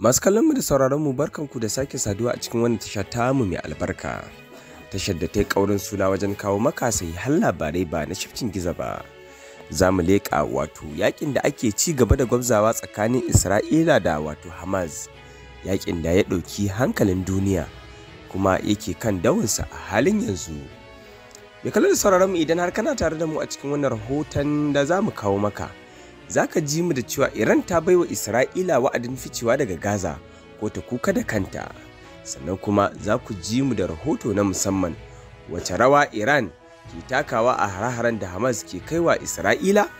Masu kallonmu da sauraronmu barkanku da sake saduwa a cikin wani tasha mu mai albarka. Tashar da ta yi ƙaurin suna wajen kawo makasai har labarai ba na shafcin giza ba. Za mu leƙa wato yakin da ake ci gaba da gwabzawa tsakanin Isra'ila da wato Hamas. Yakin da ya ɗauki hankalin duniya kuma yake kan dawansa a halin yanzu. Mai kallon da sauraronmu idan har kana tare da mu a cikin wannan rahoton da za mu kawo maka. za ka ji mu da cewa Iran ta baiwa Isra'ila wa'adin ficewa daga Gaza ko ta kuka da kanta. Sannan kuma za ku ji mu da rahoto na musamman wace rawa Iran ke takawa a hare-haren da Hamas ke kaiwa Isra'ila?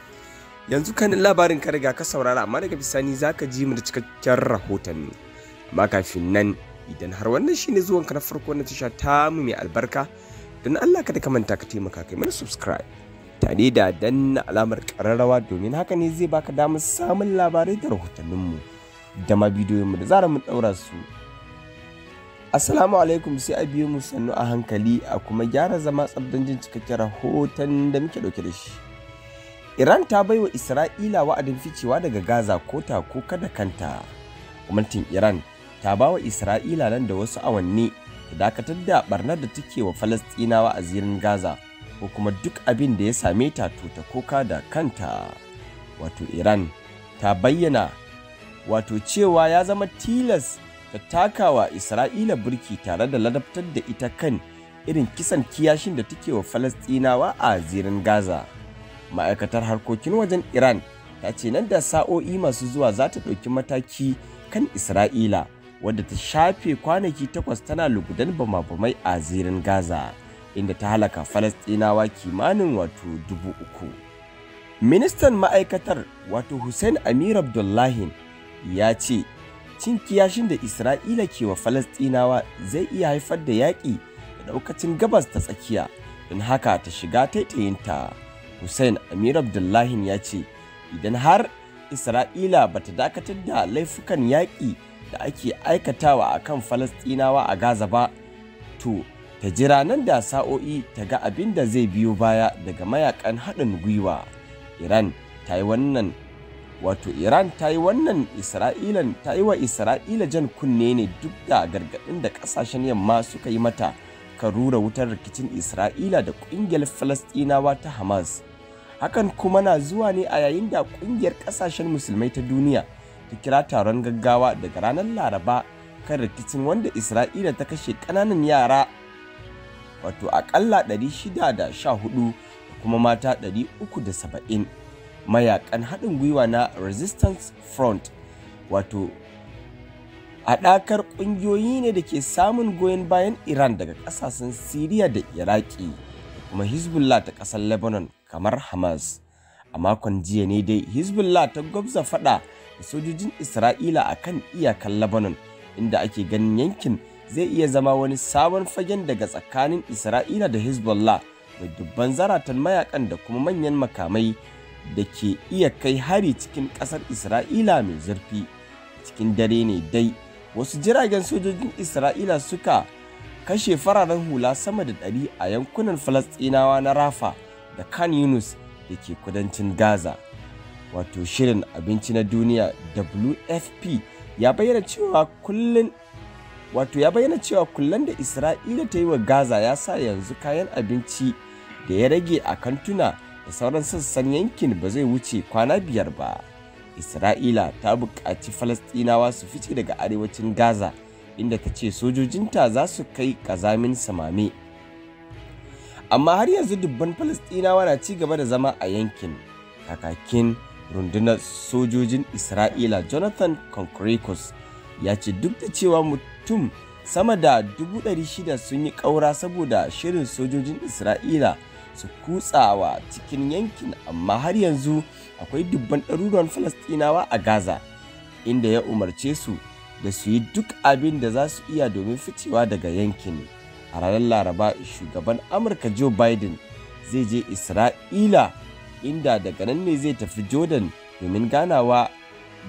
Yanzu kan labarin ka riga ka saurara amma daga bisani za ka ji mu da cikakken rahoton. Amma kafin nan idan har wannan shi shine zuwanka na farko na tasha ta mu mai albarka don Allah ka da ka manta ka taimaka kai mana subscribe. tare da danna alamar ƙararrawa domin haka ne zai baka damar samun labarai da rahotanninmu da ma bidiyoyinmu da zara mun daura su. Assalamu alaikum sai a biyo mu sannu a hankali a kuma gyara zama tsabdan jin cikakken rahoton da muke ɗauke da shi. Iran ta baiwa Isra'ila wa'adin ficewa daga Gaza ko ta ko kada kanta. Gwamnatin Iran ta ba wa Isra'ila nan da wasu awanni da dakatar da barnar da take wa Falastinawa a zirin Gaza. ko kuma duk abin da ya same ta to ta koka da kanta wato iran ta bayyana wato cewa ya zama tilas ta takawa isra'ila burki tare da ladabtar da ita kan irin kisan kiyashin da take wa falastinawa a zirin gaza ma'aikatar harkokin wajen iran ta ce nan da sa'o'i masu zuwa za ta ɗauki mataki kan isra'ila wadda ta shafe kwanaki takwas tana lugudan bama-bamai a zirin gaza inda ta halaka Falasɗinawa kimanin wato dubu uku. Ministan ma'aikatar wato Hussein Amir Abdullahi ya ce cin kiyashin da Isra'ila ke wa Falasɗinawa zai iya haifar da yaƙi da daukacin gabas ta tsakiya don haka ta shiga taitayinta. Hussein Amir Abdullahi ya ce idan har Isra'ila ba ta dakatar da laifukan yaƙi da ake aikatawa a kan Falasɗinawa a Gaza ba, to ta jira nan da sa'o'i ta ga abin da zai biyo baya daga mayakan haɗin gwiwa iran ta yi wannan wato iran ta yi wannan isra'ilan ta yi wa isra'ila jan kunne ne duk da gargaɗin da ƙasashen yamma suka yi mata kan rura wutar rikicin isra'ila da ƙungiyar falastinawa ta hamas hakan kuma na zuwa ne a yayin da ƙungiyar ƙasashen musulmai ta duniya ta kira taron gaggawa daga ranar laraba kan rikicin wanda isra'ila ta kashe ƙananan yara wato akalla 614 da kuma mata 370 mayakan haɗin gwiwa na resistance front wato haɗakar ƙungiyoyi ne da ke samun goyon bayan iran daga ƙasashen siriya da iraki kuma hezbollah ta ƙasar lebanon kamar hamas a makon jiya ne dai hezbollah ta gwabza faɗa da sojojin isra'ila akan kan iyakar lebanon inda ake ganin yankin zai iya zama wani sabon fagen daga tsakanin Isra'ila da Hezbollah mai dubban zaratan mayakan da kuma manyan makamai da ke iya kai hari cikin ƙasar Isra'ila mai zurfi. Cikin dare ne dai, wasu jiragen sojojin Isra'ila suka kashe fararen hula sama da ɗari a yankunan Falasɗinawa na Rafa da Khan Yunus da ke kudancin Gaza. Wato Shirin Abinci na Duniya WFP ya bayyana cewa kullum wato ya bayyana cewa kullen da isra'ila ta yi wa gaza ya sa yanzu kayan abinci da ya rage a kantuna da sauran sassan yankin ba zai wuce kwana biyar ba isra'ila ta buƙaci falastinawa su fice daga arewacin gaza inda ta ce sojojinta za su kai ƙazamin samame amma har yanzu dubban falastinawa na ci gaba da zama a yankin kakakin rundunar sojojin isra'ila jonathan concrecus ya ce duk da cewa mutum sama da 600 sun yi ƙaura saboda shirin sojojin isra'ila su kutsawa cikin yankin amma har yanzu akwai dubban ɗaruruwan falastinawa a gaza inda ya umarce su da su yi duk abin da za su iya domin ficewa daga yankin a ranar laraba shugaban amurka joe biden zai je isra'ila inda daga nan ne zai tafi jordan domin ganawa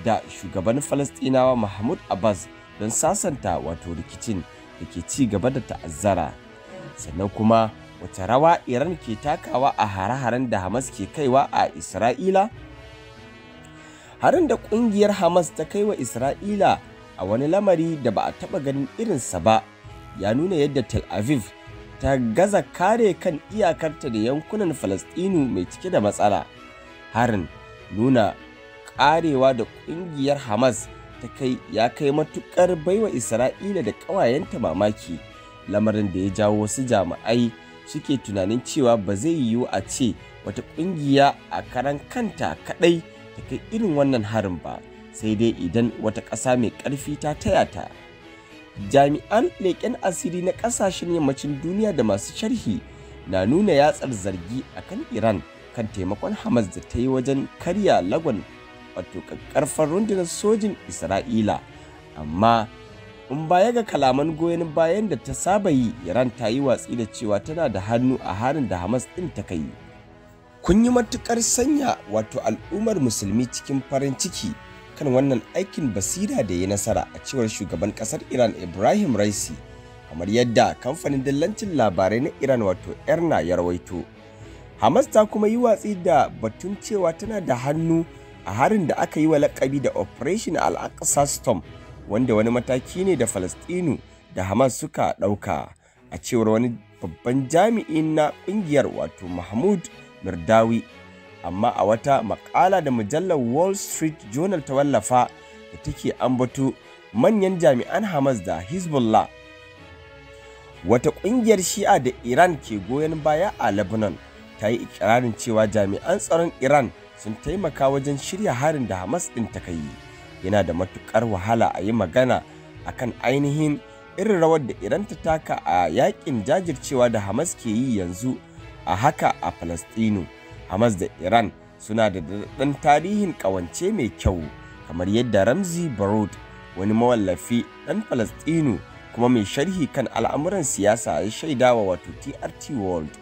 da shugaban falastinawa mahmud abbas don sasanta wato rikicin da ke ci gaba da ta'azzara sannan kuma wata rawa iran ke takawa a hare-haren da hamas ke kaiwa a isra'ila harin da kungiyar hamas ta kai wa isra'ila a wani lamari da ba a taba ganin irinsa ba ya nuna yadda tel aviv ta gaza kare kan iyakarta da yankunan falastinu mai cike da matsala harin nuna karewa da kungiyar hamas ta kai ya kai matukar baiwa isra'ila da ƙawayenta mamaki lamarin da ya jawo wasu jami'ai suke tunanin cewa ba zai yiwu a ce wata kungiya a karan kanta kadai ta kai irin wannan harin ba sai dai idan wata ƙasa mai ƙarfi ta taya ta jami'an leƙen asiri na ƙasashen yammacin duniya da masu sharhi na nuna yatsar zargi akan iran kan taimakon hamas da ta yi wajen karya lagon wato ƙarfar rundunar sojin isra'ila amma in baya ga kalaman goyon bayan da ta saba yi iran ta yi watsi da cewa tana da hannu a harin da hamas ɗin ta kai kun yi matukar sanya wato al'ummar musulmi cikin farin ciki kan wannan aikin basira da ya nasara a cewar shugaban kasar iran ibrahim raisi kamar yadda kamfanin dillancin labarai na iran wato erna ya rawaito hamas ta kuma yi watsi da batun cewa tana da hannu a harin da aka yi wa lakabi da Operation Al-Aqsa Storm wanda wani mataki ne da Falastinu da Hamas suka ɗauka a cewar wani babban jami'i na ƙungiyar wato Mahmud Mirdawi. Amma a wata maƙala da mujallar Wall Street Journal ta wallafa da take ambato manyan jami'an Hamas da Hezbollah. Wata ƙungiyar Shi'a da Iran ke goyon baya a Lebanon ta yi ikirarin cewa jami'an tsaron Iran sun taimaka wajen shirya harin da Hamas ɗin ta kai. Yana da matuƙar wahala a yi magana a kan ainihin irin rawar da Iran ta taka a yakin jajircewa da Hamas ke yi yanzu a haka a Falastinu. Hamas da Iran suna da daɗaɗɗen tarihin ƙawance mai kyau kamar yadda Ramzi Barod wani mawallafi ɗan Falastinu kuma mai sharhi kan al'amuran siyasa ya shaidawa wato TRT World.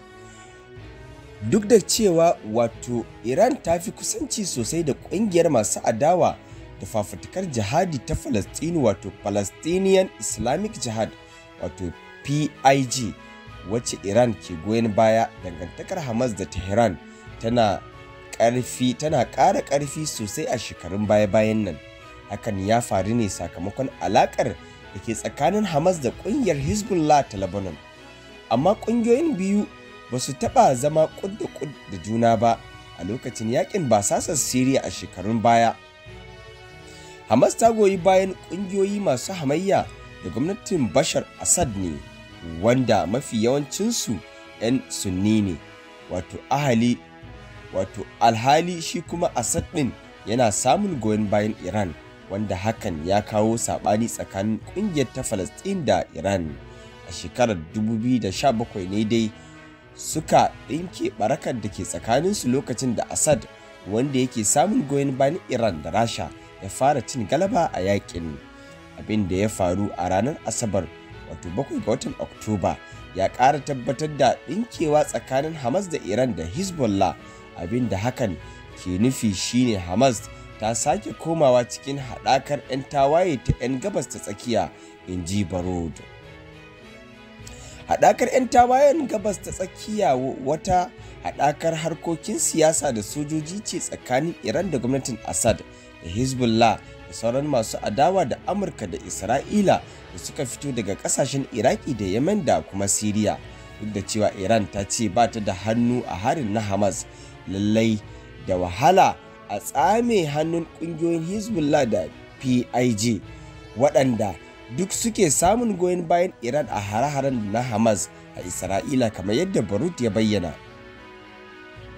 duk da cewa wato iran ta fi kusanci sosai da kungiyar masu adawa da fafutukar jihadi ta falastini wato palestinian islamic jihad wato pig wacce iran ke goyon baya dangantakar hamas da tehran tana ƙarfi tana ƙara ƙarfi sosai a shekarun baya-bayan nan hakan ya faru ne sakamakon alaƙar da ke tsakanin hamas da ƙungiyar hezbollah ta lebanon amma ƙungiyoyin biyu ba su taɓa zama kud da juna ba a lokacin yakin basasar Siriya a shekarun baya. Hamas ta goyi bayan ƙungiyoyi masu hamayya da gwamnatin Bashar Assad ne wanda mafi yawancinsu 'yan sunni ne wato ahali wato alhali shi kuma Assad ɗin yana samun goyon bayan Iran wanda hakan ya kawo saɓani tsakanin ƙungiyar ta Falasɗin da Iran a shekarar 2017 ne dai suka ɗinke barakar da ke tsakaninsu lokacin da Assad wanda yake samun goyon bayan Iran da Rasha ya fara cin galaba a yakin. Abin da ya faru a ranar Asabar wato bakwai ga watan Oktoba ya ƙara tabbatar da ɗinkewa tsakanin Hamas da Iran da Hezbollah abin da hakan ke nufi shine Hamas ta sake komawa cikin haɗakar 'yan tawaye ta 'yan gabas ta tsakiya in ji Barod. haɗakar 'yan tawayen gabas ta tsakiya wata haɗakar harkokin siyasa da sojoji ce tsakanin iran da gwamnatin assad da hezbollah da sauran masu adawa da amurka da isra'ila da suka fito daga ƙasashen iraki da yemen da kuma siriya duk da cewa iran ta ce ba ta da hannu a harin na hamas lallai da wahala a tsame hannun ƙungiyoyin hezbollah da pij waɗanda duk suke samun goyon bayan Iran a hare-haren na Hamas a Isra'ila kamar yadda Barut ya bayyana.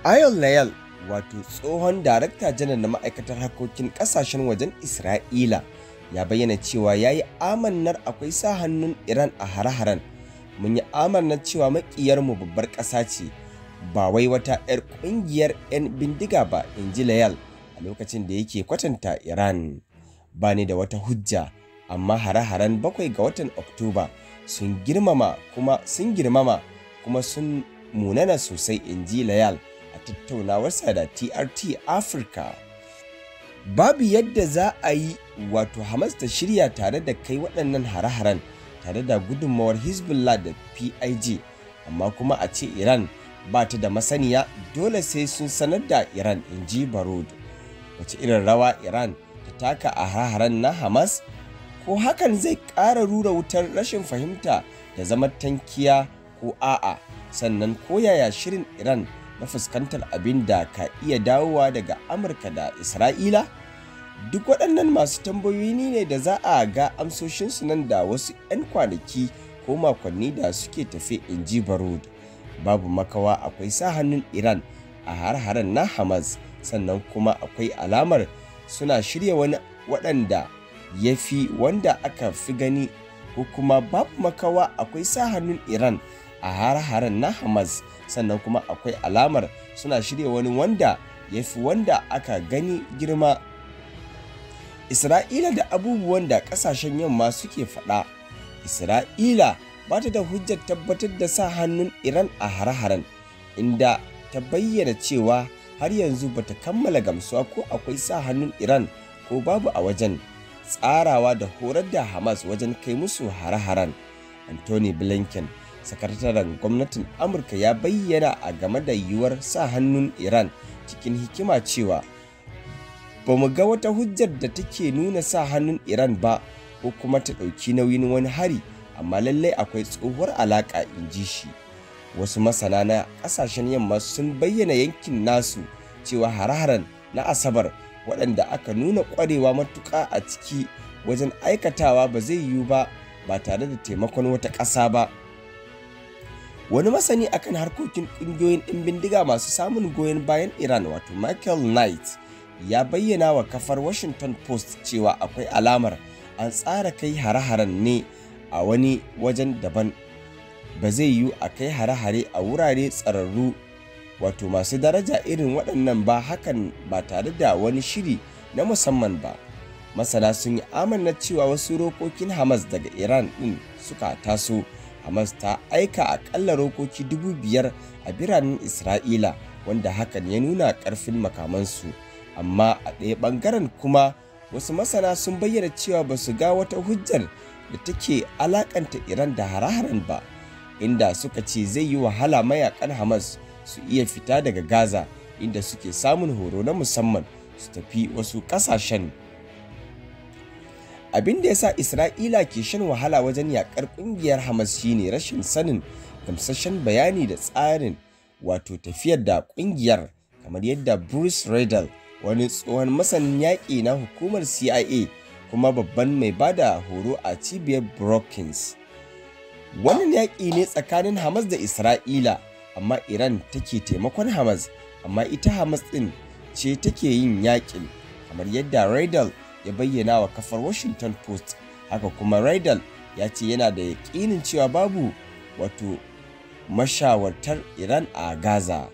ayol Layal wato tsohon darakta janar na ma'aikatar harkokin kasashen wajen Isra'ila ya bayyana cewa ya yi amannar akwai sa hannun Iran a hare-haren. Mun yi amannar cewa maƙiyarmu babbar ƙasa ce ba wai wata 'yar ƙungiyar 'yan bindiga ba in ji Layal a lokacin da yake kwatanta Iran. Ba ni da wata hujja. amma hare-haren bakwai ga watan oktoba sun girmama kuma sun girmama kuma sun munana sosai in ji layal a tattaunawarsa da trt africa babu yadda za a yi wato hamas ta shirya tare da kai waɗannan hare-haren tare da gudunmawar hezbollah da pig amma kuma a ce iran ba ta da masaniya dole sai sun sanar da iran in ji barod wace irin rawa iran ta taka a hare-haren na hamas ko hakan zai ƙara rura wutar rashin fahimta da zama tankiya ko a'a sannan koyaya shirin iran na fuskantar abin da ka iya dawowa daga amurka da isra'ila duk waɗannan masu tambayoyi ne da za a ga amsoshinsu nan da wasu 'yan kwanaki ko makonni da suke tafe in ji barod babu makawa akwai sa hannun iran a har-haren na hamas sannan kuma akwai alamar suna shirya wani waɗanda ya fi wanda aka fi gani ko kuma babu makawa akwai sa hannun iran a har-haren na hamas sannan kuma akwai alamar suna shirya wani wanda ya fi wanda aka gani girma isra'ila da abubuwan da kasashen yamma suke fada? isra'ila ba ta da hujjar tabbatar da sa hannun iran a har-haren inda ta bayyana cewa har yanzu ba ta kammala gamsuwa ko akwai sa hannun iran ko babu a wajen tsarawa da horar da hamas wajen kai musu hare-haren anthony blinken sakataren gwamnatin amurka ya bayyana a game da yiwuwar sa hannun iran cikin hikima cewa ba mu ga wata hujjar da take nuna sa hannun iran ba ko kuma ta ɗauki nauyin wani hari amma lallai akwai tsohuwar alaƙa in ji shi wasu masana na ƙasashen yamma sun bayyana yankin nasu cewa hare-haren na asabar waɗanda aka nuna ƙwarewa matuƙa a ciki wajen aikatawa ba zai yiwu ba ba tare da taimakon wata ƙasa ba wani masani akan harkokin ƙungiyoyin ɗin bindiga masu samun goyon bayan iran wato michael knight ya bayyana wa kafar washington post cewa akwai alamar an tsara kai hare-haren ne a wani wajen daban ba zai yiwu a kai hare-hare a wurare tsararru wato masu daraja irin waɗannan ba hakan ba tare da wani shiri na musamman ba masana sun yi amanna cewa wasu rokokin hamas daga iran ɗin suka taso hamas ta aika akalla rokoki dubu biyar a biranen isra'ila wanda hakan ya nuna ƙarfin makamansu amma a ɗaya ɓangaren kuma wasu masana sun bayyana cewa ba su ga wata hujjar da take alakanta iran da hare-haren ba inda suka ce zai yi wahala mayakan hamas su iya fita daga Gaza inda suke samun horo na musamman su tafi wasu ƙasashen. Abin da ya sa Isra'ila ke shan wahala wajen yakar ƙungiyar Hamas shine rashin sanin gamsashen bayani da tsarin wato tafiyar da ƙungiyar kamar yadda Bruce Riddle wani tsohon masanin yaƙi na hukumar CIA kuma babban mai bada horo a cibiyar Brookings. Wannan yaƙi ne tsakanin Hamas da Isra'ila amma Iran take taimakon Hamas amma ita Hamas din ce take yin yakin kamar yadda Raidal ya bayyana wa kafar Washington Post haka kuma Raidal ya ce yana da yakinin cewa babu wato mashawartar Iran a Gaza.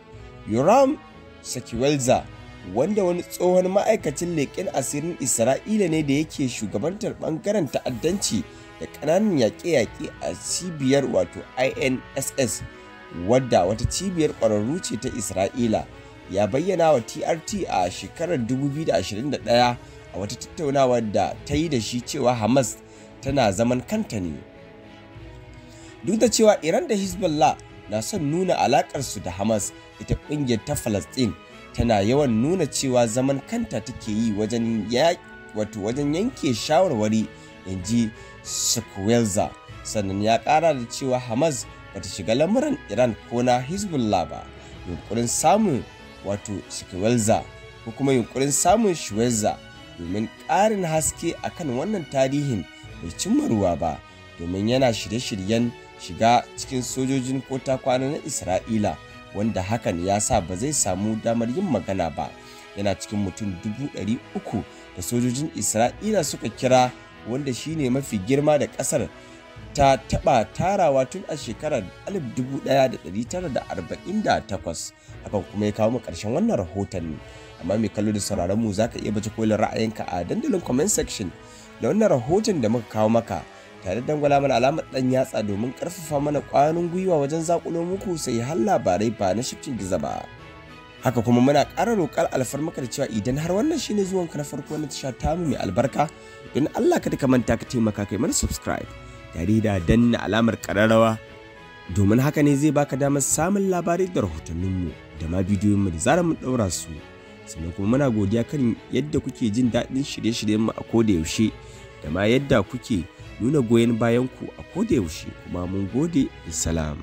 Yoram Sakiwelza wanda wani tsohon ma'aikacin leƙen asirin Isra'ila ne da yake shugabantar ɓangaren ta'addanci da ƙananan yaƙe-yaƙe a cibiyar wato INSS wadda wata cibiyar ƙwararru ce ta isra'ila ya bayyana wa trt a shekarar 2021 a wata tattaunawa da ta yi da shi cewa hamas tana zaman kanta ne duk da cewa iran da hezbollah na son nuna alaƙarsu da hamas ita ƙungiyar ta falastin tana yawan nuna cewa zaman kanta take yi wajen wajen yanke shawarwari in ji sannan ya ƙara da cewa hamas bata shiga lamuran iran ko na hezbollah ba yunkurin samun wato sikwelza ko kuma yunkurin samun shuwelza domin ƙarin haske akan wannan tarihin bai cimma ruwa ba domin yana shirye-shiryen shiga cikin sojojin kota kwana na isra'ila wanda hakan ya sa ba zai samu damar yin magana ba yana cikin mutum dubu ɗari uku da sojojin isra'ila suka kira wanda shine mafi girma da ƙasar ta taɓa tarawa tun a shekarar 1948 hakan kuma ya kawo mu ƙarshen wannan rahoton ne amma mai kallo da sauraron mu zaka iya baje kolin ra'ayinka a dandalin comment section da wannan rahoton da muka kawo maka tare da dangwala mana alamar dan yatsa domin karfafa mana kwanin gwiwa wajen zakulo muku sai har labarai ba na shifcin giza ba haka kuma muna ƙara roƙar alfarmaka da cewa idan har wannan shine zuwanka na farko na tasha tamu mai albarka don Allah ka manta ka taimaka kai mana subscribe tare da danna alamar ƙararrawa domin haka ne zai baka damar samun labarai da rahotanninmu da ma bidiyoyinmu da zara mun ɗaura su sannan kuma muna godiya kan yadda kuke jin daɗin shirye-shiryenmu a koda yaushe da ma yadda kuke nuna goyon bayanku a koda yaushe kuma mun gode salam